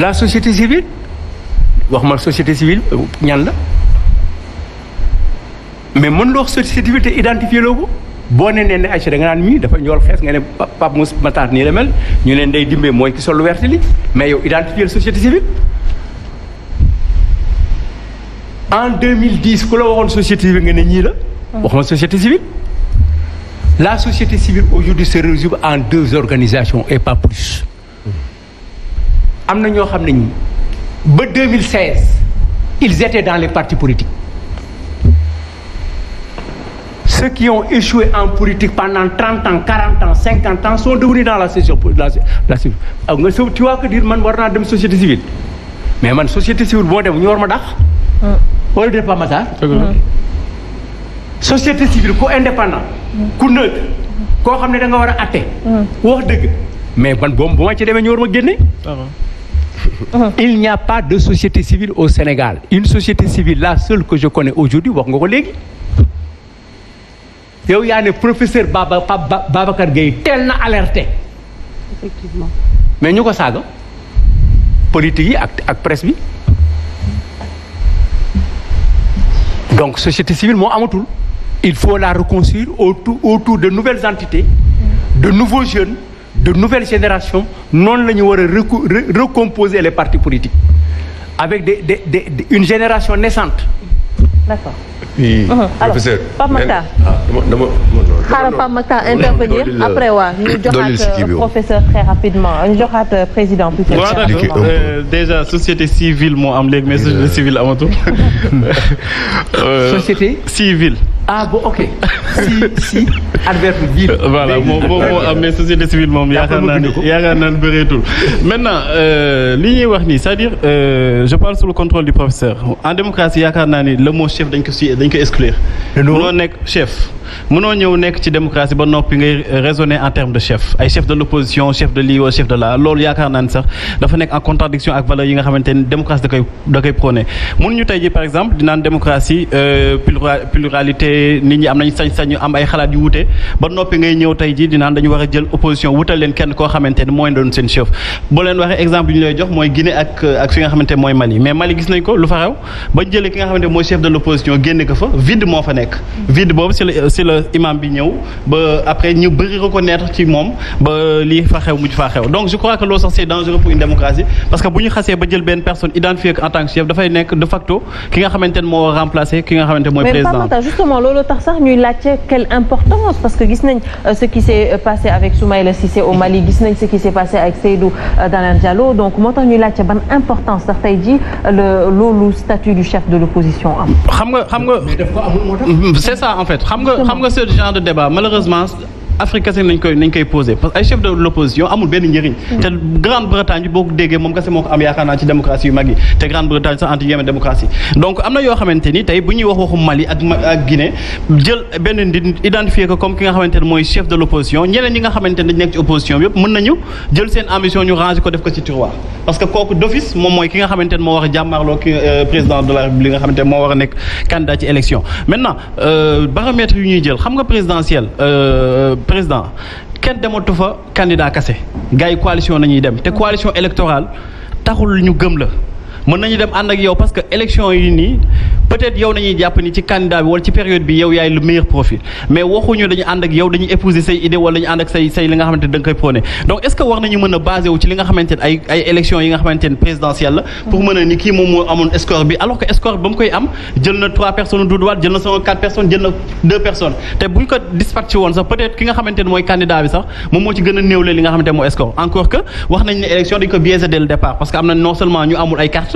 la société civile wax ma société civile ñan la mais mën loo wax société civile te identifié loo boo ne nee ne ayca da nga naan mii dafa ñool xees nga ne Pape Moussa Matar nii la mel ñu ne Ndeye Dimbe mooy ki sol lu werte li mais yow identifié société civile en 2010 ku la waxoon société civile nga ne ñii la wax ma société civile la société civile aujourd'hui se résume en deux organisations et pas plus am na ñoo xam ne ñi ba 2016 ils étaient dans les partis politiques ceux qui ont échoué en politique pendant 30 ans 40 ans 50 ans sont devenus dans la société la la aw nga so tu vois que dire man war naa dem société civile mais man société civile bu ma dem mm. ñu ma dàq wala de pas Matar société civile ku indépendant ku neutre koo xam ne da nga war a atte mm. wax dëgg mais man boobu bu ma ci demee ñu war ma génne Uh-huh. il n'y a pas de société civile au Sénégal une société civile la seule que je connais aujourd'hui wax nga ko léegi yow yaa ne professeur Baba Babacar Gueye teel na alerté mais ñu ko saaga politique yi ak ak presse bi donc société civile moo amatul il faut la reconstruire au tout de nouvelles entités de nouveaux jeunes de nouvelle génération noonu la ñu war a recomposer les partis politiques avec des des des une génération naissante. d'accord. oui uh-huh. professeur. Pape Makhtar ah, dama xaaral Pape Makhtar intervenir euh, après waa ñu joxaat euh, professeur très rapidement ñu joxaat euh, président. plus tard déjà société civile moo am léegi mais société civile amatul. société civile. ah bon ok si si adverbe bi. Euh, voilà moom moo am mais société civile moom yaakaar naa ni yaakaar naa ni bëreetul maintenant euh, li ñuy wax nii c'est-à-dire euh, je parle sous le contrôle du professeur en démocratie yaakaar naa ni le mot chef dañ ko si dañ ko exclure. munoo nekk chef. mënoo ñëw nekk ci démocratie ba noppi ngay raisonner en termes de chef ay chef de l'opposition chef de lii wala chef de là loolu yaakaar naa sax dafa nekk en contradiction ak valeur yi nga xamante démocratie da koy da koy prôné mënuñu ji par exemple dinaan euh, am nañ sañ yu wuute dañu war a jël opposition wutal leen kenn koo xamante ni mooy doon seen chef boo leen waxee exemple yu ñu lay jox mooy Guinée ak ak fi nga xamante mooy Mali mais Mali gis nañ ko lu fa xew ba jëlee ki nga xamante si la imam bi ñëw ba après ñu bëri reconnaître ci moom ba lii fa xew mujj faa xew donc je crois que loolu sax c'est dangereux pour une démocratie parce que bu ba jël benn personne identifiée en tant que chef de facto ki nga xamante ne moo remplacé ki nga euh, ce qui s'est euh, passé avec Soumaïla Cissé au Mali gis ce qui s'est passé avec Seydou euh, Dalein Diallo donc moo tax ñuy laajte ban importance sax tey xam nga ce genre de débat Afrique kese nañ koy nañ koy posé parce que ay chef de l'opposition amul benn njëriñ mm. te Grande-Bretagne boo déggee moom kese moo ko am yaakaar naa ci démocratie yu mag yi te Grande-Bretagne sax anti démocratie donc am na yoo xamante ni bu ñuy wax waxu Mali ak ak jël benn nit identifié ko comme ki nga xamante ne mooy chef de l'opposition ñeneen ñi nga xamante ne dañ nekk ci opposition bi mën nañu jël seen ambition ñu ranger ko def ko ci tiroir parce a jàmmaarloo ki euh, président de a nekk candidat ci élection maintenant euh, baromètre yu ñuy jël xam nga présidentielle euh, président kenn dematu fa candidat kase gars yi coalition nañuy dem te coalition électorale taxul ñu gëm la mën nañu dem ànd ak yow parce que élection yi nii peut-être yow nañuy jàpp ni ci candidat bi wala ci période bi yow yaay le meilleur profil mais waxuñu dañu ànd ak yow dañuy épouser say idée wala dañu ànd ak say li nga xamante ne koy prôné donc est-ce que war nañu mën a basé wu ci li nga xamante ne ay ay élection yi nga xamante présidentielle pour mën a kii moom moo amoon score bi alors que score ba mu koy am jël na trois personnes du droit a néewle li nga xamante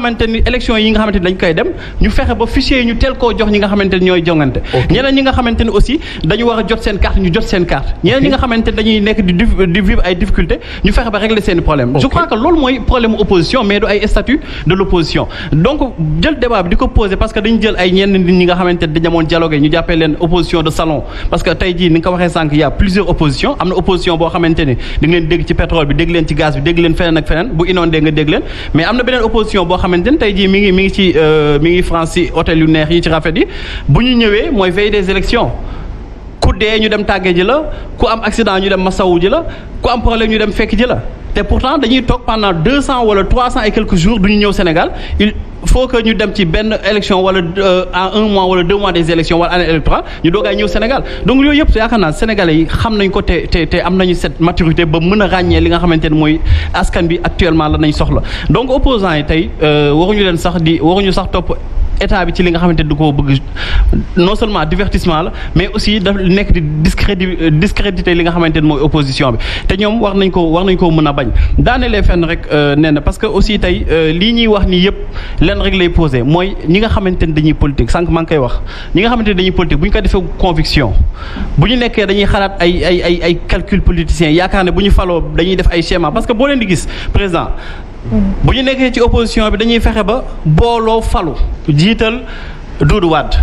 xamante yi nga xamante ni dañ koy dem ñu fexe ba fichier yi ñu teel jox ñi nga xamante ni ñooy jongante ñeneen ñi nga xamante ni aussi dañu war jot seen carte ñu jot seen carte ñeneen ñi nga xamante ni dañu jël ñu jàppee leen opposition de salon parce que tey jii ni nga waxee sànq y plusieurs oppositions am na opposition boo xamante ni di nga ci pétrole bi dégg leen ci gaz bi dégg leen feneen ak feneen bu inondé nga dégg leen mais am xamante ne tey jii mi ngi mi ngi ci euh, mi ngi France ci hôtel neex yi ci rafet yi bu ñu ñëwee mooy veille des élections ku dee ñu dem tàggee ji la ku am accident ñu dem masawu ji la ku am problème ñu dem fekk ji la te pourtant dañuy toog pendant deux cent wala trois cent et quelques jours du ñu ñëw Sénégal faut que ñu dem ci benn élection wala euh, à un mois wala deux mois des élections wala année électorale ñu doog a ñëw Sénégal donc yooyu yëpp yaakaar naa sénégalais yi xam nañ ko te te te am nañu cette maturité ba mën a ràññee li nga xamante ne mooy askan bi actuellement la nañ soxla donc opposants yi tey euh, waruñu leen sax di waruñu sax topp. état bi ci li nga xamante du ko bëgg non seulement divertissement la mais aussi daf nekk di discrédi discrédité li nga xamante ne mooy opposition bi te ñoom wax nañ ko war nañ koo mën a bañ daanelee fenn rek euh, nee na parce que aussi tey euh, lii ñuy wax nii yëpp lenn rek lay posé mooy ñi nga xamante ne dañuy politique sànq maa ngi koy wax ñi nga xamante ne dañuy politique bu ñu ko defee conviction bu ñu nekkee dañuy xalaat ay ay ay ay calcul politicien yaakaar ne bu ñu faloo dañuy def ay schéma parce que boo leen gis président bu ñu nekkee ci opposition bi dañuy fexe ba booloo falu jiital Doudou Wade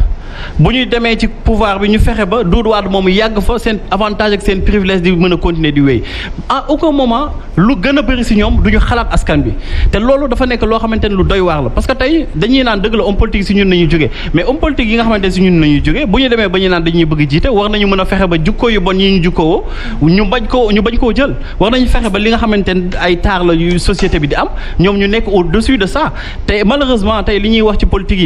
bu ñuy demee ci pouvoir bi ñu fexe ba Doudou Wade moom yàgg fa seen avantage ak seen privilège di mën a continuer di wéy à aucun moment lu gën a bëri si ñoom du ñu xalaat askan bi te loolu dafa nekk loo xamante ne lu doy waar la parce que tey dañuy naan dëgg la homme politique si ñun nañuy jógee mais homme politique yi nga xamante ne si ñun nañuy jógee bu ñu demee ba ñuy naan dañuy bëgg jiite war nañu mën a fexe ba jukkoo yu bon yi ñu jukkoo ñu bañ koo jël war nañu li nga xamante ne ay taar la yu société bi li ñuy wax ci politique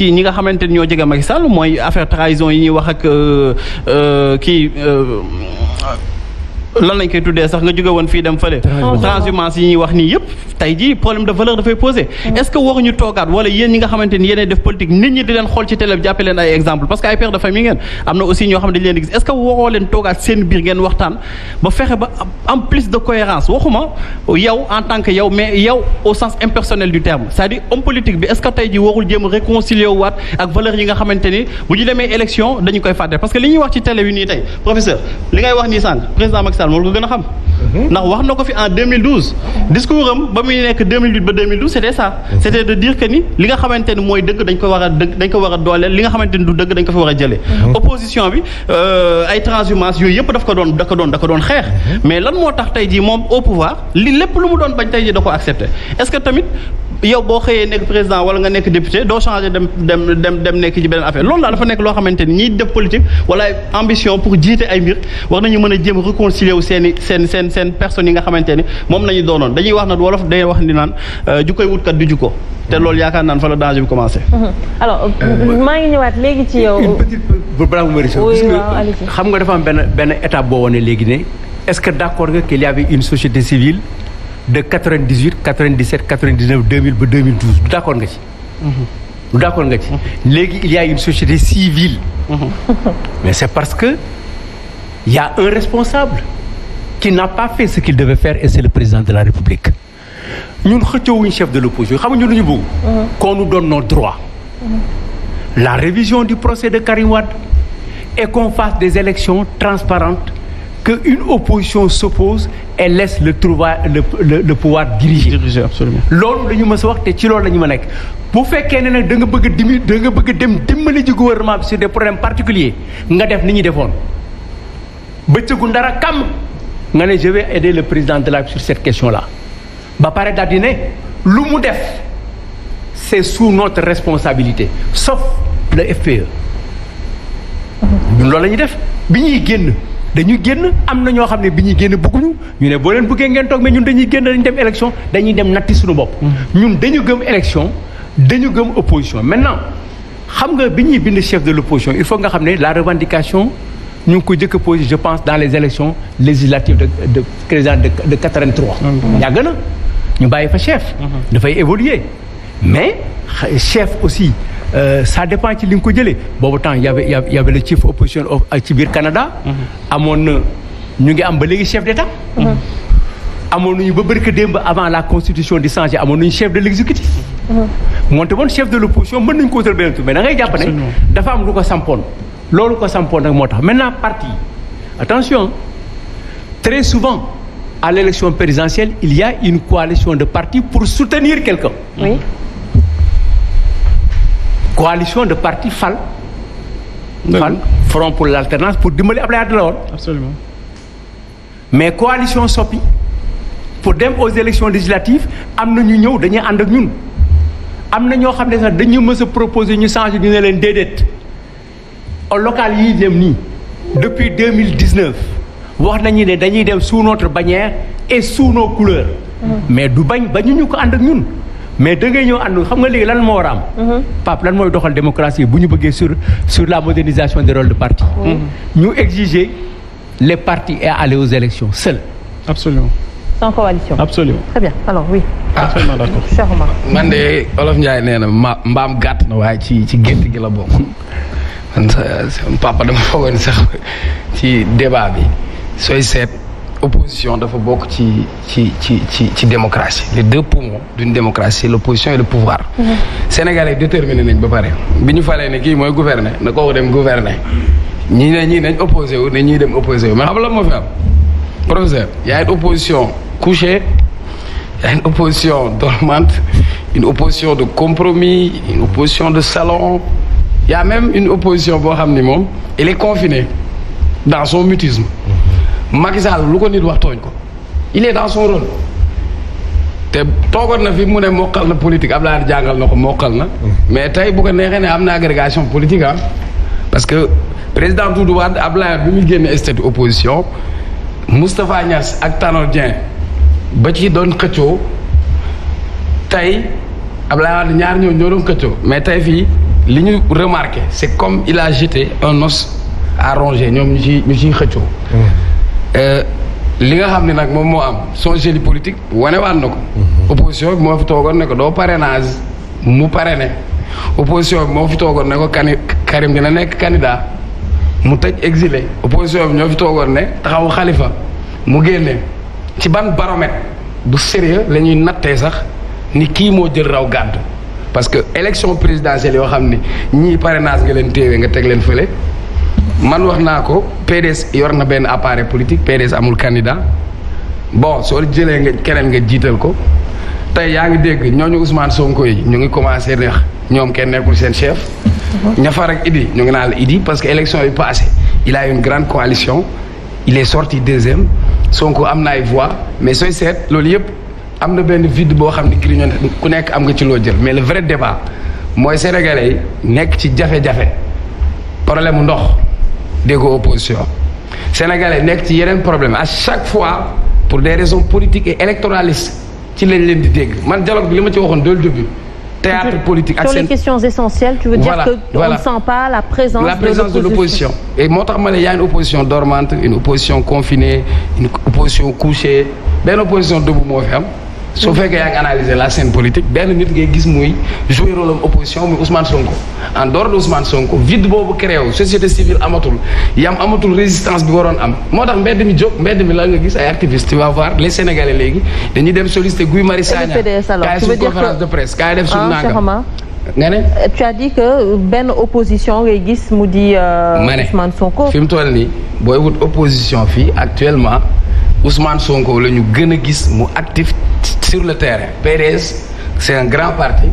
yi ñoo jege Macky Sall mooy affaire trahison yi ñuy wax ak euh, euh, kii. Euh, lan lañ koy tuddee sax nga jóge fii dem fële transhumance yi ñuy wax nii yëpp tey jii problème de valeur dafay posé mm. est-ce que waruñu toogaat wala yéen ñi nga xamante ni def politique nit ñi di leen xool ci télé jàppe leen ay exemple parce que ay père de famille ngeen am na aussi ñoo xam ne leen di gis est-ce que waroo leen toogaat seen biir ngeen waxtaan ba fexe ba en de cohérence waxuma yow en tant que yow mais yow au sens impersonnel Sall moo ko gën a xam. ndax wax na ko fi en discours am ba muy nekk 2008 ba 2012 c' était ça. c' était de dire que ni li nga xamante ni mooy dëgg dañ ko war a dooleel li nga xamante ni du dëgg dañ ko fa war a jëlee. Mhm. opposition bi euh, ay transhumance yooyu yëpp daf ko doon da doon xeex. Mhm. mais lan moo tax tey jii moom au pouvoir li lépp lu mu doon bañ tey jii da ko accepté est ce que tamit. yow boo xëyee nekk président wala nga nekk député doo réew seen i seen seen seen personnes yi nga xamante ni moom nañu doonoon dañuy wax nag wolof day wax ni naan euh, ju wutkat du ju te loolu yaakaar naan fa la danger bi commencé. Mhm. alors euh, maa ngi ñëwaat léegi ci yow. xam nga dafa am benn benn étape boo wane léegi ne est-ce que d'accord nga qu'il y avait une société civile de 98 97 99 2000 ba 2012 du d'accord nga ci. Mhm. du d'accord nga ci. léegi il y a une société civile. Mhm. mais c'est parce que a un responsable. qui n'a pas fait ce qu'il devait faire et c'est le président de la République ñun xëccoowuñ chef de l'opposition xam ñu lu ñu bëgg. Mm-hmm. qu'on nous donne nos droits. Mm-hmm. la révision du procès de Karim Wade et qu'on fasse des élections transparentes qu'une opposition s'oppose et laisse le trouva le, le, le pouvoir diriger. diriger absolument loolu la ñu mës a wax ci loolu lañu ma nekk bu fekkee ne nag da nga bëgg a da nga bëgg dem dimbali ji gouvernement bi sur des problèmes particuliers nga def ni ñu defoon nga ne je vais aider le président de la République sur cette question là ba pare daal di ne lu mu def c'est sous notre responsabilité sauf le FPE ñun loolu la def bi ñuy génn dañu génn am na ñoo xam ne bi ñuy génn bugguñu ñu ne boo leen bëggee ngeen toog mais ñun dañuy génn dañu dem élection dañuy dem natti suñu bopp ñun dañu gëm élection dañu gëm opposition maintenant xam nga bi ñuy bind chef de l'opposition il faut nga xam ne la revendication ñu ngi ko jëkk a posé je pense dans les élections législatives de de président de de 83. yàgg na ñu bàyyi fa chef. dafay évoluer mais chef aussi euh, ça dépend ci li nga ko jëlee boobu temps y avait y avait le chief opposition euh, ci biir Canada. amoon na ñu ngi am ba léegi chef d'État. amoon nañu ba bërka démb avant la constitution di changer amoon nañu chef de l'exécutif mhm. moonte woon chef de l'opposition mën nañu ko wutal beneen tur mais da ngay dafa am lu ko sampoon loolu ko sampoon nag moo tax maintenant parti attention très souvent à l'élection présidentielle il y une coalition de parti pour soutenir quelqu'un oui. coalition de parti fal fal front pour l'alternance pour dimbali Abdoulaye Wade la woon absolument mais coalition soppi pour dem aux élections législatives am na ñu ñëw dañuy ànd ak ñun am na ñoo xam ne sax dañu mës a proposer ñu changer ñu ne leen déedéet local yi jëm nii depuis deux mille dix neuf wax nañu ne dañuy dem sous notre bannière et sous mm-hmm. mais du bañ bañu ñu ko ànd ak ñun. mais da ngay ñëw ànd xam nga léegi lan moo war a am. Mm-hmm. Pape lan mooy doxal démocratie bu ñu bëggee sur sur la modernisation des de parti. Mm-hmm. ñu exiger les partis et aller aux élections seuls. absolument. sans coalition. absolument. très bien alors oui. Ah. absolument d'accord cher Omar. man Olof Ndiaye nee na ma mbaam gàtt na waaye ci ci gétt gi la bokk. man sa papa dama foogoon sax ci débat bi sooy seet opposition dafa bokk ci ci ci ci ci démocratie les deux poumons d'une démocratie l'opposition et le pouvoir mm-hmm. sénégalais déterminé nañ ba pare bi ñu falee ne kii mooy gouverner na dem gouverner ñii ne ñii nañ opposé wu ne ñii dem opposé mais xam la moo fi professeur y a une opposition couchée y a opposition dormante une opposition de compromis une opposition de salon yaa a même une opposition boo xam ni moom il est confiné dans son mutisme Macky Sall lu ko nit wax tooñ ko il est dans son rôle te toogoon na fi mu ne mokkal na politique Abdoulaye jàngal na ko mokkal na mais tey bu ko neexee ne am na agrégation politique ah parce que président Doudou Wade Abdoulaye bi muy génne statut opposition Moustapha Niass ak Tanor Dieng ba ci doon xëccoo tey Abdoulaye Wade ñaar ñoo ñoo doon xëccoo mais tey fii li ñu remarqué c'est comme il a jeté un os à ronger ñoom ñu ciy ñu ciy xëccoo. Euh, li nga xam ne nag moom moo am son génie politique wanewaat na ko. opposition moo fi toogoon ne ko doo parrainage mu parrainé opposition bi moo fi toogoon ne ko kani Karim dina nekk candidat mu tëj exilé opposition bi ñoo fi toogoon ne taxaw xalifa mu génne ci ban baromètre bu sérieux la ñuy nattee sax ni kii moo jël raw gàddu. parce que élection présidentielle yoo xam ne ñii parrainage nga leen téewe nga teg leen fële man wax naa ko PDS yor na benn appareil politique PDS amul candidat bon soo jëlee nga keneen nga jiital ko tey yaa ngi dégg ñooñu Ousmane Sonko yi ñu ngi commencé neex ñoom kenn nekkul seen chef. Mhm. ñafar ak Idi ñoo ngi naan la Idi parce que élection yi passé il a une grande coalition il est sorti deuxième Sonko am na ay voix mais sooy seet loolu yëpp. am na benn vide boo xam ne Grignon ku nekk am nga ci loo jël mais le vrai débat mooy sénégalais nekk ci jafe-jafe problème mu ndox déggoo opposition sénégalais nekk ci yeneen problème à chaque fois pour des raisons politiques et électoralistes ci lañ leen di dégg man dialogue bi li ma ci waxoon dès le début théâtre politique ak seen questions essentielles tu veux voilà, dire que voilà. on ne sent pas la présence la présence de l'opposition et moo tax ma ne y a une opposition dormante une opposition confinée une opposition couchée benn opposition moo am su mm-hmm. fekkee yaa ngi analyser la scène politique benn nit ngay gis muy jouer rôle opposition muy Ousmane Sonko en dehors de Ousmane Sonko vide boobu créé wu société civile amatul yam amatul résistance bi waroon am moo tax mbedd mi jóg mbedd mi la nga gis ay activistes tu vas voir les sénégalais léegi dañuy dem solliciter Guy Marius Sagna kaay suñu conférence de presse kaay def suñu ah, nangam nga ne. Euh, tu as dit que benn opposition ngay gis mu di. Euh, ma ne Ousmane Sonko fi mu toll nii booy wut opposition fii actuellement Ousmane Sonko la ñu gën a gis mu actif. sur le terrain PDS c'est un grand parti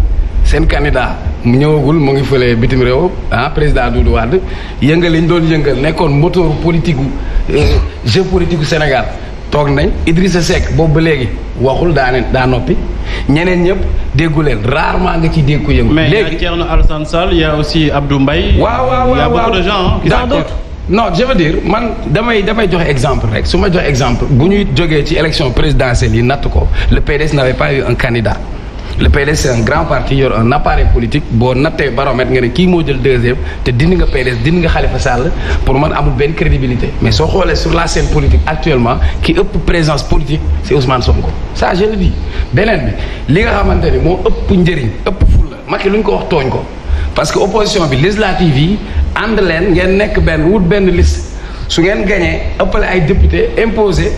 seen candidat mu ñëwagul mu ngi fële bitim réew ah président Doudou Wade yëngal li ñu doon yëngal nekkoon moteur politique gu euh, jeu politique gu Sénégal toog nañ Idrissa Seck boobu ba léegi waxul daane daa noppi ñeneen ñëpp déggu leen rarement nga ci dégg ku yëngu. léegi mais y a Thierno Alassane Sall y a waaw waaw waaw a beaucoup de non je veux dire man damay damay joxe exemple rek su ma joxe exemple bu ñuy jógee ci élection présidentielle yi natt ko le PDS n'avait pas eu un candidat le PDS c'est un grand parti yor un appareil politique boo nattee baromètre nga ne kii moo jël deuxième te dindi nga PDS dindi nga Khalifa Sall pour man amul benn crédibilité mais soo xoolee sur la scène politique actuellement ki ëpp présence politique c'est Ousmane Sonko ça je le dis beneen bi li nga xamante ni moo ëpp njëriñ ëpp fulla Macky lu ñu ko wax tooñ ko ànd leen ngeen nekk benn wut benn liste su ngeen gañee ëppale ay député imposer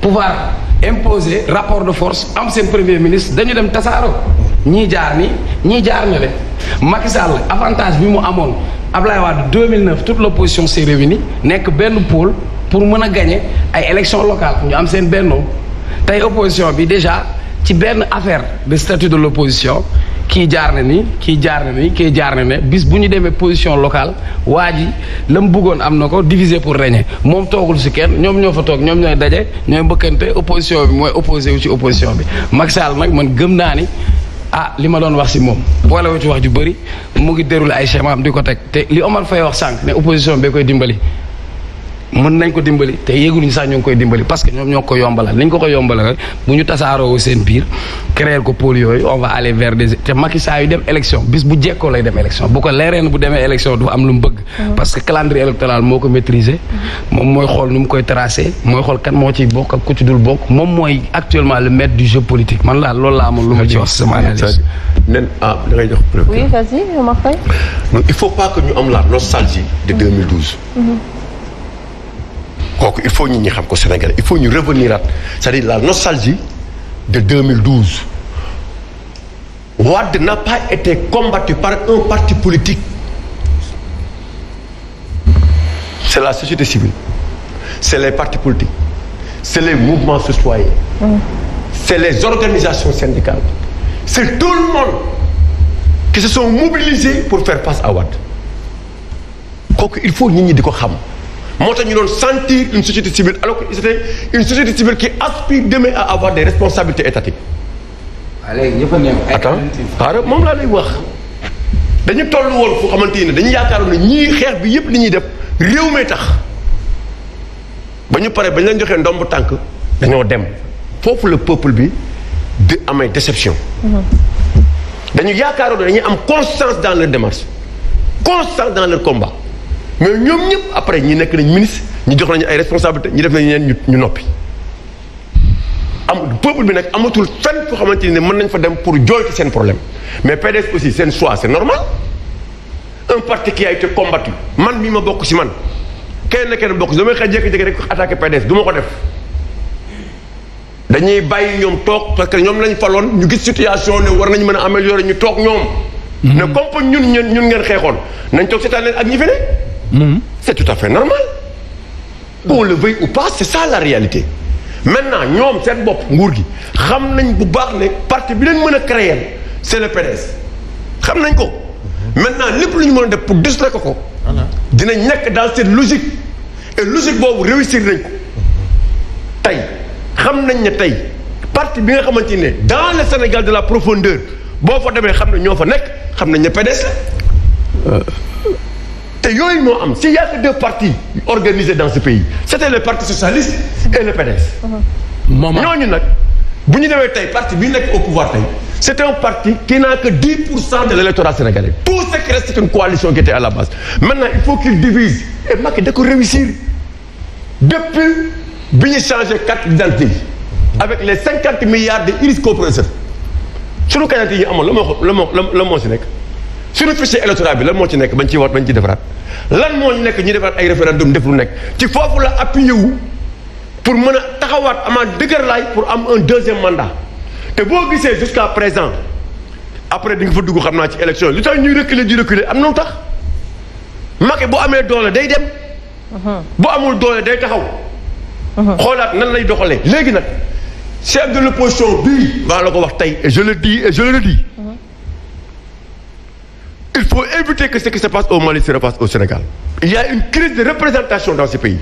pouvoir imposer rapport de force am seen premier ministre dañu dem tasaaro ñii jaar ni ñii jaar na le Macky Sall avantage bi mu amoon Ablaye Wade 2009 toute l'opposition s'est réunie nekk benn pôle pour mën a gañe ay élections locales ñu am seen bennoo tey opposition bi déjà ci benn affaire de statut de l'opposition kii jaar na ni kii jaar na ni kii jaar na ne bis bu ñu demee position local waa ji la mu bëggoon am na ko diviser pour régner moom toogul si kenn ñoom ñoo fa toog ñoom ñooy daje ñooy mbëkkante opposition bi mooy opposé wu ci opposition bi Macky Sall nag man gëm naa ni ah li ma doon wax si moom boole wu ci wax ju bëri mu ngi déroulé ay schéma am di ko teg te li Omar Faye wax sànq ne opposition bee koy dimbali mën nañ ko dimbali te yéeguñu sax ñu ngi koy dimbali parce que ñoom ñoo ko yombalal niñ ko ko yombalal rek bu ñu tasaaroo seen biir créer ko pôle yooyu on va aller vers des te Macky saa yu dem élection bis bu jekkoo lay dem élection bu ko leereen bu demee élection du am lu mu bëgg. Mm-hmm. parce que calendrier électoral moo ko maîtriser. Mm-hmm. moom mooy xool nu mu koy tracé mooy xool kan moo ciy bokk ak ku ci dul bokk moom mooy actuellement le maître du jeu politique man loolu laa amoon lu ma ci wax sama analyse. nen ah da ngay jox preuve. oui kooku il faut ñi ñi xam ko Sénégal il faut ñu revenir at cest la nostalgie de 2012 Wade n'a pas été combattu par un parti politique c'est la société civile c'est les partis politiques c'est les mouvements citoyens mmh. c'est les organisations syndicales c'est tout le monde qui se sont mobilisés pour faire face à Wade kooku il faut nit ñi di ko xam moo tax ñu doon sentir une société civile alors que c'était une société civile qui aspire demain à avoir des responsabilités étatiques. waaw ah, léegi ñëpp a néew. attends xaaral moom laa lay wax dañu toll woon fu xamante ne dañu yaakaaroon ne ñii xeex bi yëpp li ñuy def réew mee tax ba ñu pare ba ñu joxee ndomb tànk dañoo dem foofu le peuple bi di amee déception. Mm-hmm. dañu yaakaaroon ne dañuy am constance dans leur démarche constance dans leur combat. mais ñoom ñëpp après ñi nekk nañ ministre ñu jox nañ ay responsabilité ñu def nañu leen ñu noppi am peuple bi nag amatul fenn foo xamante ne mën nañ fa dem pour jooytu seen problème mais PDS aussi seen choix c'est normal un parti qui a combattu man mii ma bokk si man kenn kenn bokk ci damay xëy jékki-jékki rek attaqué PDS du ma ko def dañuy bàyyi ñoom toog parce que ñoom lañ faloon ñu gis situation ne war nañ mën a améliorer ñu toog ñoom. ne comme ñun ñun ñun ngeen xeexoon nañ toog seetaan leen ak ñi fi Mmh. c'est tout à fait normal hmm. qu'on le veuille ou pas c'est ça la réalité maintenant ñoom seen bopp nguur gi xam nañ bu baax ne parti bi leen mën a créer c'est le PDS xam nañ ko hmm. maintenant lépp lu ñu mën a def pour distraire ko ko dina nekk dans cette logique et logique boobu réussir nañ ko hmm. tey xam nañ ne tey parti bi nga xamante ne dans le Sénégal de la profondeur boo fa demee xam ne ñoo fa nekk xam nañ ne PDS la euh, te yooyu moo am s'il y a que deux partis organisés dans ce pays c'était le parti socialiste et le PDS. moom ñooñu nag bu ñu demee tey parti bi nekk au pouvoir tey c'est un parti qui n'a que 10 pour cent de l'électorat sénégalais tout ce qui reste c'est une coalition qui était à la base maintenant il faut qu'il divise et Macky da ko réussir depuis bu ñu changé carte d'identité avec les 50 milliards de iris compresseurs suñu kanante yi amoon la moo la moo la moo si nekk suñu fichier électoral bi lan moo ci nekk bañ ciy wat bañ ciy defaraat lan moo nekk ñu defaraat ay référendum def lu nekk ci foofu la appuyé wu pour mën a taxawaat amaat dëgër laay pour am un deuxième mandat te boo gisee jusqu'à présent après di nga fa dugg xam naa ci élection li tax ñuy reculer di reculer am na lu tax Macky bu amee doole day dem. bu amul doole day taxaw. xoolaat nan lay doxalee. léegi nag chef de l'opposition bii maa la ko wax tey et je il faut éviter que ce qui se passe au Mali repasse au Sénégal il y a une crise de représentation dans ce pays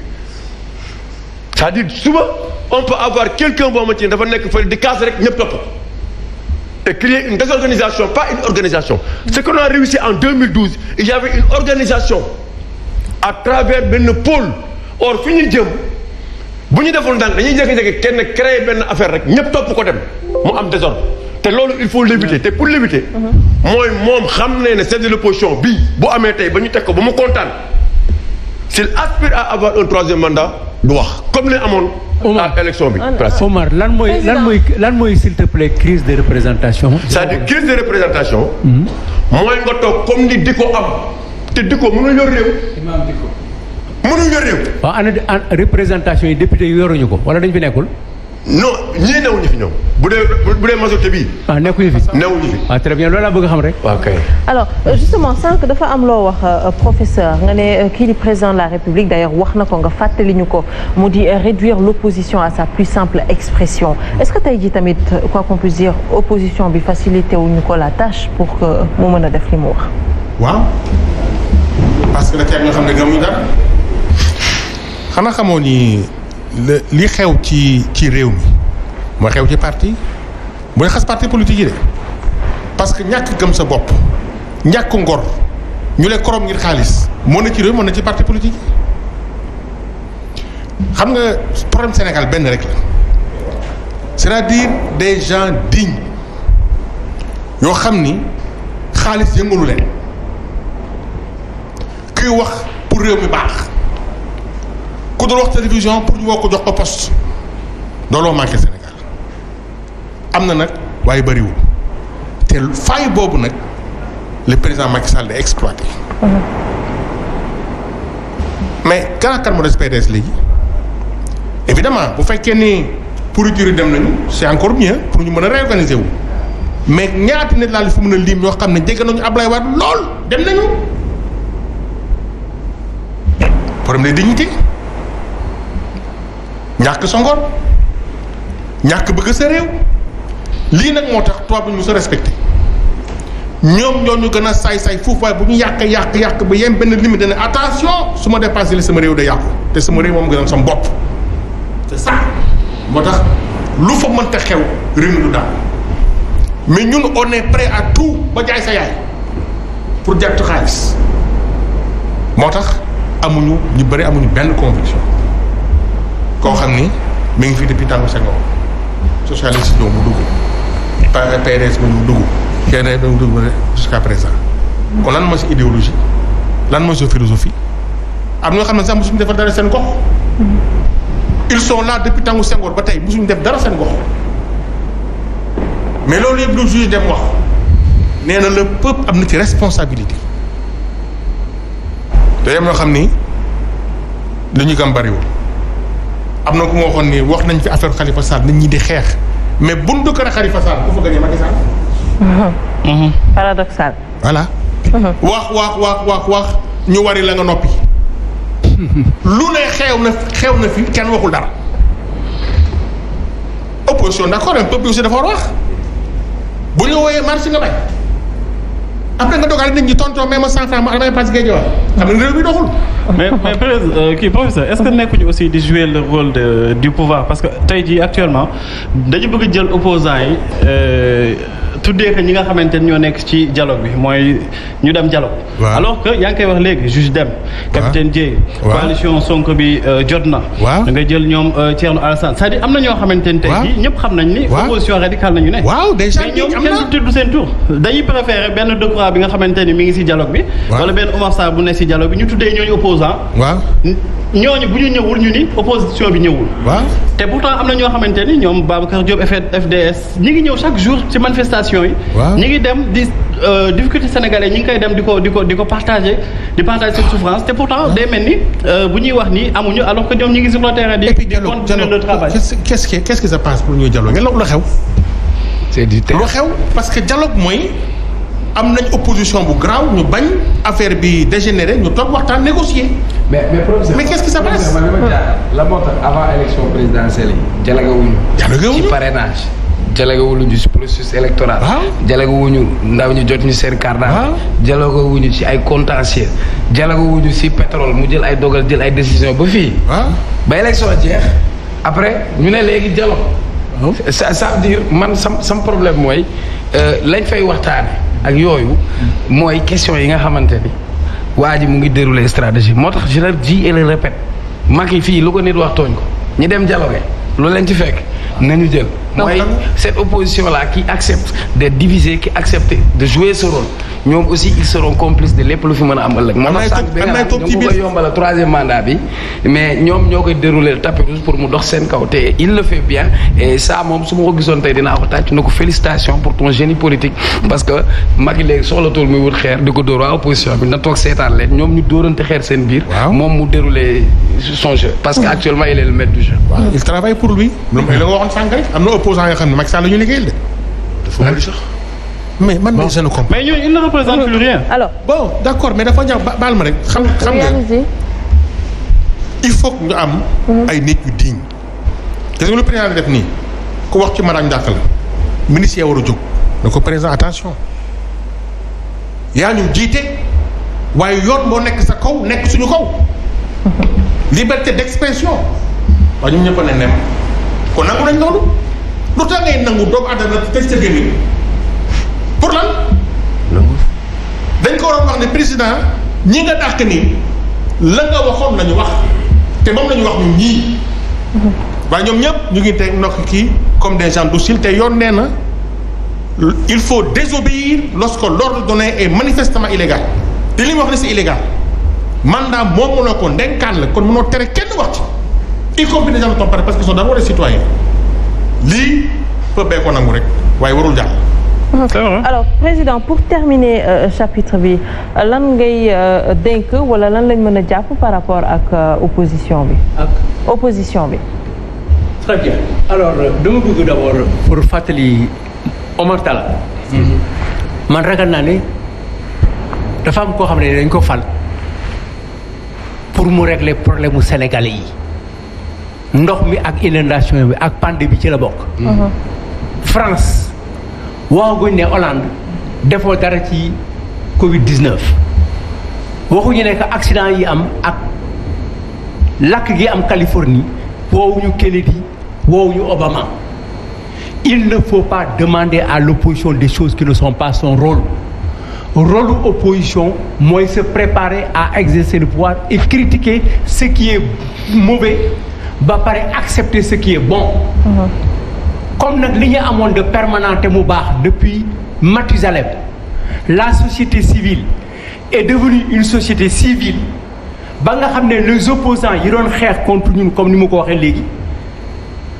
c'est-à-dire souvent on peut avoir quelqu'un boo xamante dafa nekk fële di casse rek ñëpp topp et créer une désorganisation pas une organisation ce qu'on a réussi en 2012 il y avait une organisation à travers benn pôle or fi ñu jëm bu ñu defoon ndànk dañuy jékki-jékki kenn créer benn affaire rek ñëpp topp ko dem mu am désordre te loolu il faut l'éviter te pour l'éviter mhm. Mhm. mooy moom xam ne ne chef de l'opposition bii bu amee tey ba ñu teg ko ba mu kontaan s'il aspire à avoir un troisième mandat du wax comme ni amoon a élection bi Omar lan mooy lan mooy lan mooy s'il te plaît crise de représentation cest représentation mhm. mooy nga toog comme ni di ko am te di ko mënul yor réew mënul yor réew waaw ana représentation yi député yi yoruñu ko wala dañ fi nekkul non ñii fi ñoom bu dee bu dee majorité bii. ah nekkuñu fi newuñu fi. Ah, bien loolu laa bëgg xam rek. waaw kay. Euh, justement sànq dafa am loo wax euh, professeur nga ne euh, kii di président la république d' ailleurs wax na ko nga fàttali ñu ko mu di réduire l' opposition à sa plus simple expression est ce que tey jii tamit quoi qu'on puisse dire opposition bi facilité wuñu ko la tâche pour que mu mën a def li mu wax. waaw parce que da li xew ci ci réew mi mooy xew ci parti mooy xas parti politique yi de parce que ñàkk gëm sa bopp ñàkk ngor ñu lay korom ngir xaalis moo na ci réew mën na ci parti politique yi xam nga problème Sénégal benn rek la c'est-à-dire des gens dignes yoo xam ni xaalis yëngalu leen kuy wax pour réew mi baax ku dul wax télévision pour ñu woo ko jox ko poste looloo manqué Sénégal am na nag waaye bëriwul te faille boobu nag le président Macky Sall di exploité. Mm-hmm. mais kan kan moo des PDS léegi évidemment bu fekkee ni pourriture yi dem nañu c'est encore mieux pour ñu mën a réorganiser wu mais ñaati nit laal fi mën a lim ñoo xam ne jege nañu Ablaye Wade lool dem nañu problème de dignité ñàkk sa ngor ñàkk bëgg sa réew lii nag moo tax tubaab bi ñu sa respecté ñoom ñoo ñu gën a saay-saay fuuf bu ñu yàq yàq yàq ba yem benn limite ne su ma dépassé li sama réew day yàqu te sama réew moom sama bopp c'est ça moo xew réew mais ñun on est prêt à ba jaay sa yaay pour jàpp xaalis moo tax amuñu ñu bari amuñu benn conviction koo xam ni mi ngi fi depuis tàngu Senghor socialiste ñoom mu dugg PDS moom mu dugg keneen mu dugg jusqu'à présent kon lan mooy si idéologie lan mooy sa philosophie am na xam ne sax mosuñu defal dara seen gox ils sont là depuis tàngu Senghor ba tey mosuñu def dara seen gox mais loolu yëpp lu juge dem wax nee na le peuple am na ci responsabilité day am ñoo xam ni li ñu gëm bariwul am na ku ma waxoon ni wax nañ fi affaire Khalifa Sall nit ñi di xeex mais buntu kër Khalifa Sall ku fa gagné Macky Sall. Uh-huh. Uh-huh. paradoxal. voilà. Uh-huh. wax wax wax wax ñu wari la nga noppi. lu ne xew na xew na fi kenn waxul dara. opposition d'accord même peuple aussi dafa war ñu wooyee marche nga bañ après nga dogal nit ñi tontoo même cent francs ma amee pass géej wax xam nga réew mi doxul. mais mais peut kii professeur est-ce que nekkuñu aussi di jouer le rôle de du pouvoir parce que tey jii actuellement dañu bëgg jël opposants yi. Euh, tuddee ko ñi nga xamante ni ñoo nekk ci dialogue bi mooy ñu dem dialogue. alors que yaa ngi koy wax léegi juge dem. capitaine Dièye. coalition Sonko bi euh, jot na. da nga jël ñoom euh, Thierno Alassane c'est-à-dire am na ñoo xamante ni ñëpp xam nañ ni. opposition radicale nañu ne. waaw déjà ñoom kenn du tudd bi nga xamante ni mi ngi si dialogue bi. wala benn Omar Sarr bu ne si dialogue bi ñu tuddee ñooñu opposant waaw ñooñu bu ñu ñëwul ñu ni opposition bi ñëwul. te pourtant am na ñoo xamante ni ñoom Babacar Diop FDS ñi ngi ñëw chaque jour ci manifestation information yi. ñu ngi dem di euh, difficulté sénégalais ñu ngi koy dem di ko di ko di ko partagé di partagé seen souffrance te pourtant ah. day mel ni euh, bu ñuy wax ni amuñu alors que ñoom ñu ngi sur di di continuer le travail lu xew. lu xew parce que dialogue mooy. am nañ opposition bu graaw ñu bañ affaire bi dégénéré ñu toog waxtaan négocier. mais mais professeur mais qu'est-ce qui se passe. la moo tax avant élection présidentielle yi. dialogue wuñu jalagawuñu ci processus électoral. jalagawuñu ndaw ñu jot ñu seen carte d' jalagawuñu ci ay contentieux jalagawuñu ci pétrole mu jël ay dogal jël ay décision ba fii. ba élection jeex après ñu ne léegi dialogue. sa oh. ça man sam sam problème mooy euh, lañ fay waxtaane ak yooyu mooy question yi nga xamante ni waa ji mu ngi dérouler stratégie moo tax je le dis et le répète Macky fii lu ko nit wax tooñ ko ñu dem jalo dialogue loolu leen ci fekk nañu jël. mooy cette opposition là qui accepte d'être divisée lépp lu fi mën a am ëllëg moo tax sànq bi nga xam koy yombal troisième pour mu dox seen kaw te il le fait bien et ça moom su ma ko gisoon tey ko tàcc na ko félicitation pour ton génie politique parce que Macky léegi soxlatul muy wut xeer di ko dóor waa opposition bi na toog seetaan leen ñoom ñu dóorante xeer seen biir moom mu dérouler son jeu parce que actuellement il est le du jeu il travaille pour lui lu nga waxoon sànq rek am na opposants yoo xam ne Macky Sall la ñu liggéeyal de. dafa bëri sax. mais man ma je ne mais ñooñu ils ne représentent plus rien. alors bon d' accord mais dafa ñaaw baal ma rek. xam xam nga il faut que ñu am. Mhm. ay nit yu digne. te lu président nii ku wax ci marañ dàq la ministre yaa war a na ko président attention yaa ñu jiite waaye yoon moo nekk sa kaw nekk suñu kaw mhm. liberté d' expression waaye ñun ñëpp a ne nem kon nangu nañ loolu. lu tax ngay nangu doomu aadama tëj sa gémmiñ pour lan. dañ ko waroon wax ne président ñi nga dàq ni la nga waxoon nañu wax te moom la ñu wax ñun ñii. waaye ñoom ñëpp ñu ngi teg nokk kii comme des gens dociles te yoon nee na il faut désobéir lorsque l'ordre donné est manifestement illégal te li mu wax ne si illégal mandat moom mënoo ko ndenkaan la kon mënoo tere kenn wax ci y compris des gens parce que sont d'abord des citoyens. lii peuple bee ko nangu rek waaye warul jàll. président pour terminer euh, chapitre bi lan ngay euh, dénk wala lan lañ mën a jàpp par rapport ak euh, opposition bi. ak opposition bi. très bien euh, euh, pour fàttali Omar mhm. man ragal naa ni dafa am koo xam ne dañ ko fal pour mu régler problème mu sénégalais yi. ndox mi ak inondation bi ak pandémie bi ci la bokk. Uh-huh. France waxaguñ ne Hollande defoo dara ci Covid 19 waxuñu ne que accident yi am ak lakk gi am Californie woowuñu Kennedy woowuñu Obama il ne faut pas demander à l'opposition des choses qui ne sont pas son rôle. rôle opposition mooy se préparer à exercer le pouvoir et critiquer ce qui est mauvais ba pare accepter ce qui est bon. Uh-huh. comme nag li ñu amoon de permanent te mu baax depuis Mathusalem la société civile est devenue une société civile ba nga xam ne les opposants yi doon xeex contre ñun comme ni mu ko waxee léegi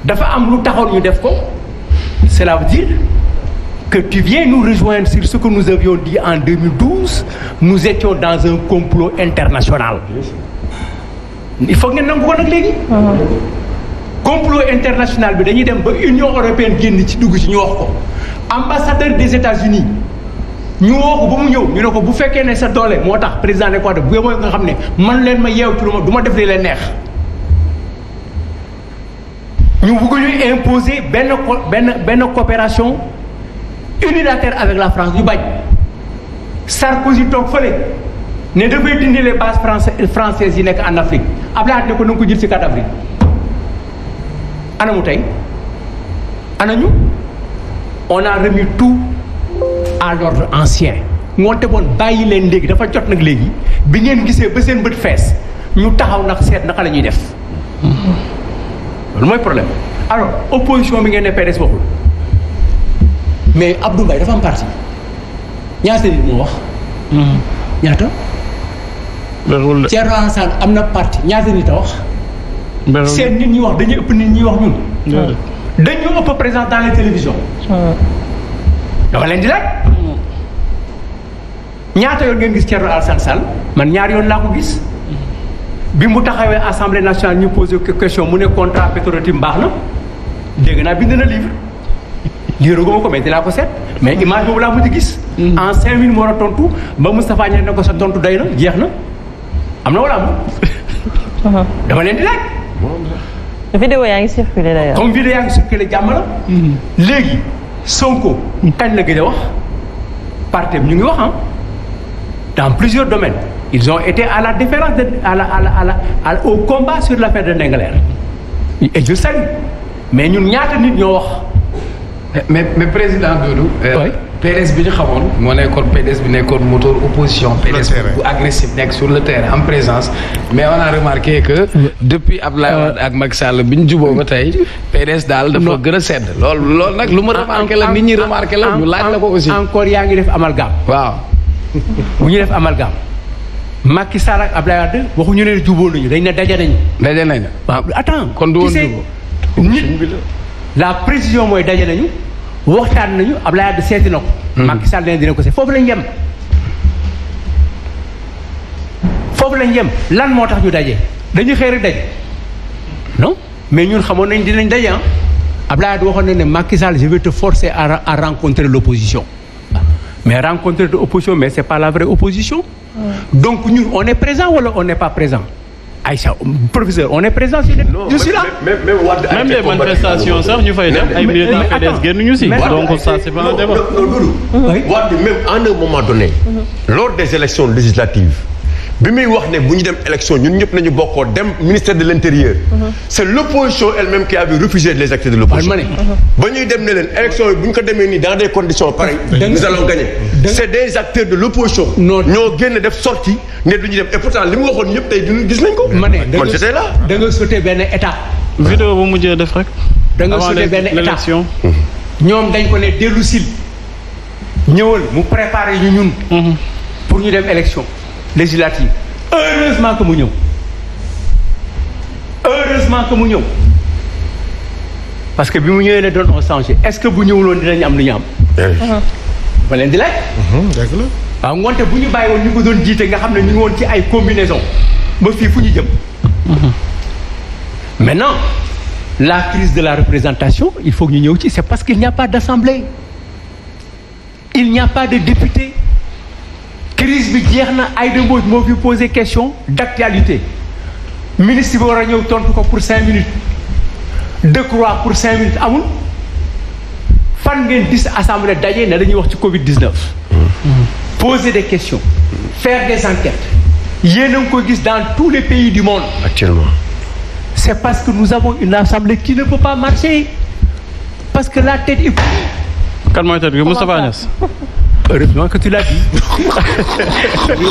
dafa am lu taxoon ñu def ko cela veut dire que tu viens nous rejoindre sur ce que nous avions dit en 2012 nous étions dans un complot international. il faut ngeen nangu ko nag léegi. Uh-huh. complot international bi dañuy dem ba Union européenne génn ci dugg ci ñu wax ko ambassadeur des États-Unis ñu woo ko ba mu ñëw ñu ne ko bu fekkee ne sa doole moo tax président ne ko def bu mooy nga xam ne man leen ma yeew ci lu ma du ma def li leen neex. ñu bëgg ñu imposer benn co benn benn coopération unilatérale avec la France ñu bañ Sarkozy toog fa ne dafay dindi les bases françaises françaises yi nekk en Afrique. Abdoulaye ne ko na nga ko jël ci 4 avril anamu tey anañu on a remis tout à l'ordre ancien ngoonte boon bàyyi leen léegi dafa jot nag léegi bi ngeen gisee ba seen bët fees ñu taxaw nag seet naka la ñuy def loolu mooy problème alors opposition bi ngeen ne PDS waxul mais Abdou Mbaye dafa am parti ñaata nit moo wax hmm. ñaata Berul Thierno Alassane am na parti ñaata nit a wax. Berul seen nit ñi wax dañuy ëpp nit ñi wax ñun. dañu ëpp présent dans les télévisions. dama leen di laaj. ñaata yoon ngeen gis Thierno Alassane Sall man ñaar yoon laa ko gis. bi mu taxawee assemblée nationale ñu posé question mu ne contrat Petro-Tim baax na dégg naa bind na livre liiru ma ko mais dinaa ko seet mais image boobu laa mujj gis. Mm. en cinq minutes a tontu ba Moustapha Niass na ko sa tontu day na jeex na. am na wala amul. Uh-huh. dama leen di laaj. vidéo yaa ngi circulé d'ailleurs. comme vidéo yaa ngi circulé jàmm mm-hmm. léegi Sonko. kañ la gëj a wax. parti ñu ngi wax ah. dans plusieurs domaines. ils ont été à la différence de à la à la à la à, au combat sur l'affaire de Ndingler. et je salue mais ñun ñaata nit ñoo wax. mais mais président Doudou. Euh, PDS bi ñu xamoon moo nekkoon PDS bi nekkoon moteur opposition PDS bu agressif nekk sur le terrain en présence mais on a remarqué que depuis Abdoulaye Wade ak Macky Sall bi ñu juboo ba tey PDS daal dafa gën a sedd lool lool nag lu ma remarqué la nit ñi remarqué la ñu laaj la ko aussi encore yaa ngi def amalgame waaw bu ñu def amalgame Macky Sall ak Abdoulaye Wade waxuñu ne juboo nañu dañ ne daje nañu daje nañu waaw attends kon du juboo la précision mooy daje nañu waxtaan nañu Abdoulaye Wade seeti na ko. Hmm. Macky Sall dina ko seet foofu lañ yem. foofu lañ yem lan moo tax ñu daje dañu xëy rek daje non mais ñun xamoon nañ dinañ daje ah Abdoulaye Wade waxoon nañ ne Macky Sall je vais te forcer à à rencontrer l' opposition. mais rencontrer de opposition mais c' pas la vraie opposition. donc ñun on est présent wala on n'est pas présent. Aïcha professeur on est présent sur les. non je suis là même même les manifestations sax ñu fay def ay militants PDS génnuñu si. donc ça c'est pas un débat. non non non même à un moment donné. lors des élections législatives. bi muy wax ne bu ñu dem élection ñun ñëpp nañu bokkoo dem ministère de l' intérieur. c' est l' opposition elle même qui avait refusé les actes de l' opposition. ba ñuy dem ne leen élection yi bu ñu ko demee nii dans des conditions pareilles. nous allons gagner c' est des acteurs de l' opposition. ñoo génn def sorti ne du ñu dem et pourtant li mu waxoon ñëpp tey gis nañ ko. man c' était là. da nga sauté benn étape. vidéo bu mujjee def rek. da nga sauté benn étape ñoom dañ ko ne dellu sil ñëwal mu préparé ñun. Mhm. pour ñu dem élection. législative heureusement que mu ñëw heureusement que mu ñëw parce que bi mu ñëwee ne doon on changé est-ce que bu ñëwuloon dinañ am lu ñu am. Eh. Uh-huh. ma leen di laaj. Uh-huh, la. waaw ngoonte bu ñu bàyyi woon ñu ko doon jiite nga xam ne ñu ngi woon ci ay combinaison ba fii fu ñu jëm. Uh-huh. maintenant la crise de la représentation il faut ñu ñëw ci c'est parce qu'il n'y a pas d'assemblée il n'y a pas de député. crise bi jeex na Aïda Mbodj moo fi posé question d' actualité ministre bi war a ñëw tontu ko pour cinq minutes Decroix pour cinq minutes amul fan ngeen gis assemblée daje ne dañuy wax ci Covid 19. poser des questions. faire des enquêtes. yéen ko gis dans tous les pays du monde. actuellement. c' parce que nous avons une assemblée qui ne peut pas marcher parce que la tête est. kan mooy tête bi Moustapha Heureusement que tu l'as dit.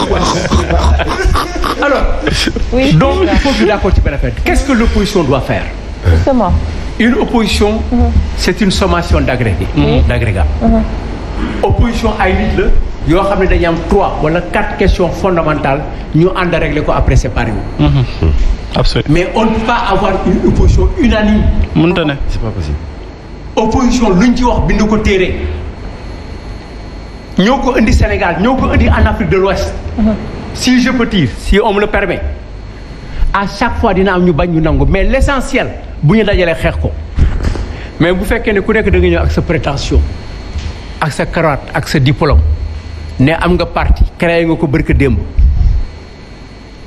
Alors, oui, donc il faut que d'accord ci benn affaire qu'est-ce que l'opposition doit faire Justement. Une opposition mm -hmm. c'est une sommation mm-hmm, d'agrégés, mm -hmm. Opposition ay nit la yoo xam ne dañu trois questions fondamentales ñu ànd régler ko après séparer wu. Mm-hmm. mais on ne peut pas avoir une opposition unanime. mënta Opposition luñ ci wax bind ko téere. ñoo ko indi Sénégal ñoo ko indi en Afrique de l'Ouest si je peux dire si on me permet à chaque fois dina am ñu bañ ñu nangu mais l'essentiel bu ñu dajalee xeex ko mais bu fekkee ne ku nekk da nga ñëw ak sa prétention ak sa cravate ak sa diplôme ne am nga parti créé nga ko barka démb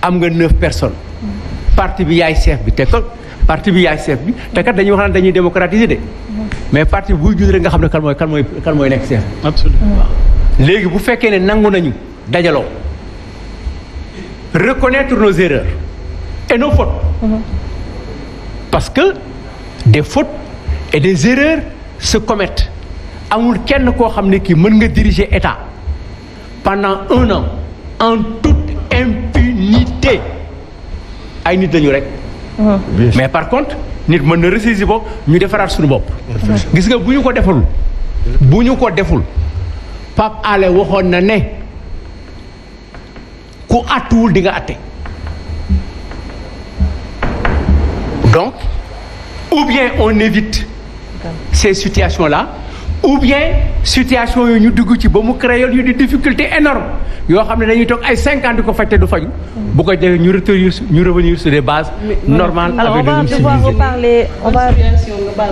am nga neuf personnes parti bi yaay chef bi te ko parti bi yaay chef bi te kat dañuy wax naan dañuy démocratiser de mais parti buy judd rek nga xam ne kan mooy kan mooy kan mooy nekk chef. absolument waaw. léegi bu fekkee ne nangu nañu dajaloo reconnaître nos erreurs et nos fautes mhm. parce que des fautes et des erreurs se commettent amul kenn koo xam ne kii mën nga diriger état pendant un an en toute impunité ay nit lañu rek mhm. mais par contre nit mën na ressaisir bopp ñu defaraat suñu bopp gis nga bu ñu ko deful bu ñu ko deful Pape Alé waxoon na ne ku àttuwul di nga àtte donc ou bien on évite ces situations la ou bien situation yoo ñu dugg ci ba mu créé yu di difficulté énorme yoo xam ne dañuy toog ay cinquante ko faj te du faju bu ko defee ñu revenir ñu revenir sur des bases normales. alors on va devoir